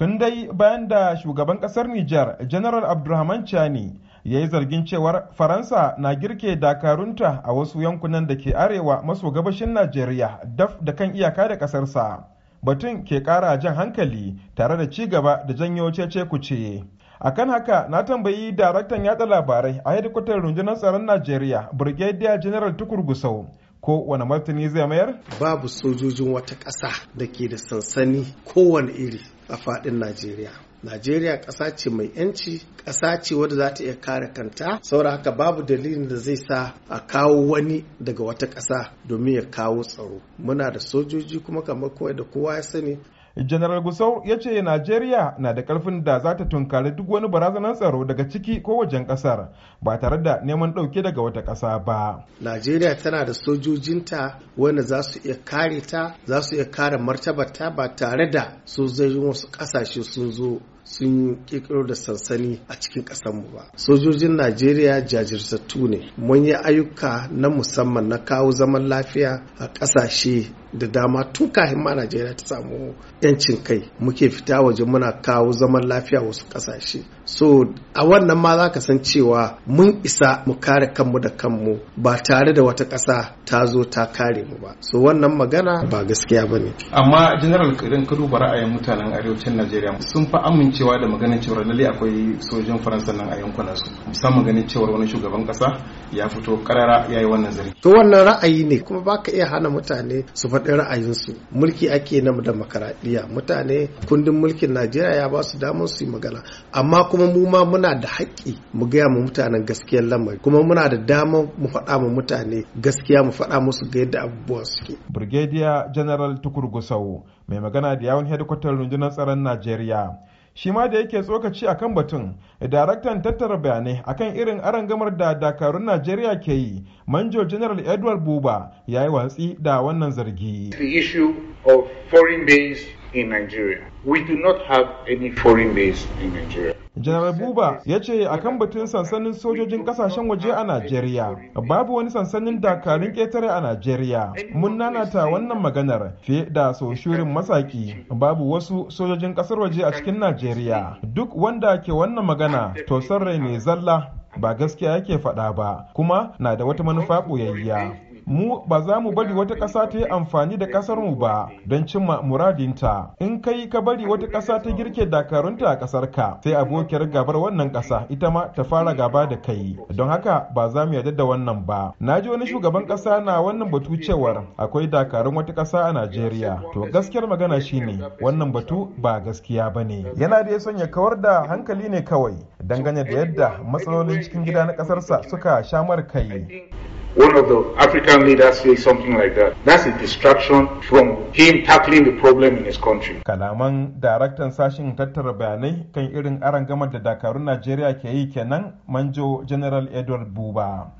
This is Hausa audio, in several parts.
tun dai bayan da shugaban kasar Nijar General Abdulrahman Chani ya yi zargin cewar Faransa na girke dakarunta a wasu yankunan da ke arewa maso gabashin Najeriya daf da kan iyaka da kasarsa. Batun ke kara jan hankali tare da ci gaba da janyo cece kuce. akan haka na tambayi daraktan yada labarai a hedikwatar rundunar tsaron najeriya brigadier general tukur gusau ko wani martani zai mayar? Babu sojojin wata ƙasa da ke da sansani kowane iri a faɗin Najeriya. Najeriya ƙasa ce mai ‘yanci, ƙasa ce wadda za ta iya kare kanta, saura haka babu dalilin da zai sa a kawo wani daga wata ƙasa domin ya kawo tsaro. Muna da sojoji kuma kamar kowai da kowa ya sani General Gusau ya ce Najeriya na da karfin da za ta tunkari duk wani barazanar tsaro daga ciki ko wajen kasar ba tare da neman ɗauke daga wata ƙasa ba. Najeriya tana da sojojinta wanda za su iya kare ta za su iya kare martabarta ba tare da sojojin wasu ƙasashe sun zo sun ƙirƙiro da sansani a cikin mu ba sojojin najeriya jajirtattu ne mun yi ayyuka na musamman na kawo zaman lafiya a ƙasashe da dama tun kafin ma Najeriya ta samu yancin kai muke fita waje muna kawo zaman lafiya wasu ƙasashe so a wannan ma za ka san cewa mun isa mu kare kanmu da kanmu ba tare da wata ƙasa ta zo ta kare mu ba so wannan magana ba gaskiya ba ne amma general idan ka duba ra'ayin mutanen arewacin Najeriya sun fi amince Cewa da maganin cewar lalle akwai sojin faransa nan a yankunan su musamman ganin cewar wani shugaban kasa ya fito karara ya yi wannan zargi to wannan ra'ayi ne kuma baka iya hana mutane su faɗi su mulki ake na demokaradiyya mutane kundin mulkin najeriya ya ba su damar su yi magana amma kuma mu ma muna da haƙƙi mu gaya mu mutanen gaskiyar lamari kuma muna da damar mu faɗa mu mutane gaskiya mu faɗa musu ga yadda abubuwa suke brigadier general tukur gusau mai magana da yawon hedikwatar rundunar tsaron najeriya shi ma da yake tsokaci a kan batun daraktan tattara bayanai akan irin arangamar da dakarun najeriya ke yi manjo general edward buba ya yi watsi da wannan zargi the issue of foreign base in nigeria we do not have any foreign base in nigeria Janaral buba ya ce akan batun sansanin sojojin kasashen waje a najeriya babu wani sansanin dakarun ƙetare a najeriya mun nanata wannan maganar fiye da soshirin masaki babu wasu sojojin ƙasar waje a cikin najeriya duk wanda ke wannan magana to rai ne zalla ba gaskiya yake faɗa ba kuma na da wata manufa ɓoyayya mu ba za mu bari wata ƙasa ta yi amfani da ƙasarmu ba don cimma muradinta in kai ka bari wata ƙasa ta girke dakarunta a ƙasar ka, sai abokiyar gabar wannan ƙasa ita ma ta fara gaba da kai don haka ba za mu yarda da wannan ba na ji wani shugaban ƙasa na wannan batu cewar akwai dakarun wata ƙasa a najeriya to gaskiyar magana shine wannan batu ba gaskiya ba ne yana da ya sanya kawar da hankali ne kawai dangane da yadda matsalolin cikin gida na ƙasarsa suka shamar kai one of the African leaders say something like that. That's a distraction from him tackling the problem in his country. Kalaman daraktan sashen tattara bayanai kan irin gama da dakarun Najeriya ke yi kenan manjo General Edward Buba.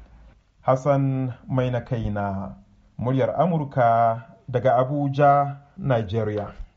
Hassan Mai na kaina, muryar Amurka daga Abuja, nigeria.